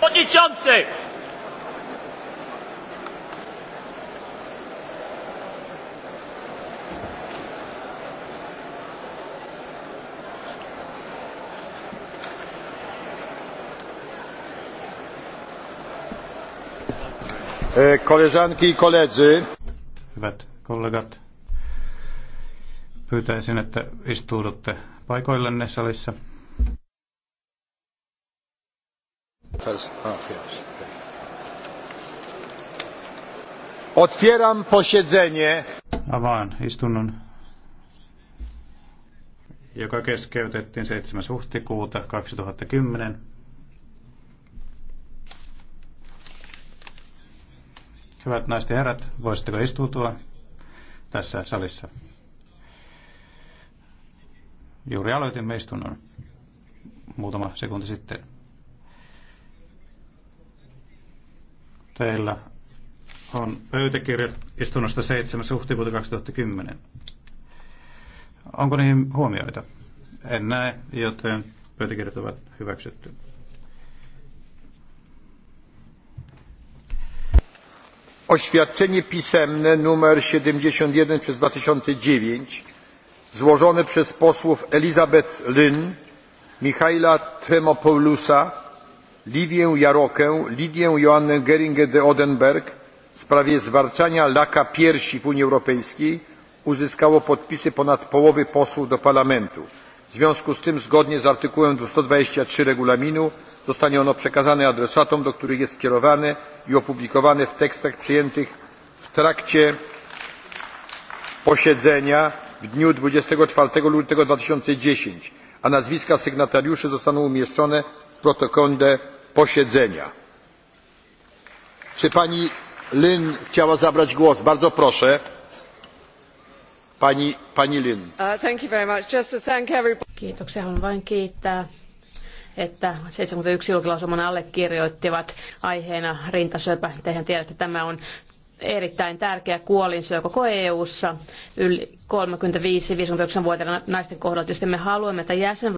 przewodniczący! E, koleżanki i koledzy. Hyvät kollegat, pyytäisin, että istuudutte paikoillenne salissa. Otwieram posiedzenie. Avaan istunnon, joka keskeytettiin 7. huhtikuuta 2010. Hyvät naiset ja herrat, voisitteko istuutua tässä salissa? Juuri aloitimme istunnon muutama sekunti sitten. Teillä on pöytäkirjat istunnosta 7. huhtikuuta 2010. Onko niihin huomioita? En näe, joten pöytäkirjat ovat hyväksytty. Oświadczenie pisemne numer 71 przez 2009 złożone przez posłów Elizabeth Lynn, Michaela Tremopoulusa, livię jarokę lidię joannę geringer de oedenberg w sprawie zwalczania laka piersi w unii europejskiej uzyskało podpisy ponad połowy posłów do parlamentu. w związku z tym zgodnie z art. sto dwadzieścia trzy regulaminu zostanie ono przekazane adresatom do których jest skierowane i opublikowane w tekstach przyjętych w trakcie posiedzenia w dniu dwadzieścia cztery lutego dwa tysiące a nazwiska sygnatariuszy zostaną umieszczone w protokole posiedzenia. czy pani lynne chciała zabrać głos? bardzo proszę. pani, lynne. Uh, Kiitoksia. Haluan vain kiittää että 71 julkilausuman allekirjoittivat aiheena rintasyöpä. Tehän tiedätte, tämä on erittäin tärkeä kuolinsyö koko EU-ssa yli 35-59-vuotiaiden naisten kohdalla. Tietysti me haluamme, että jäsen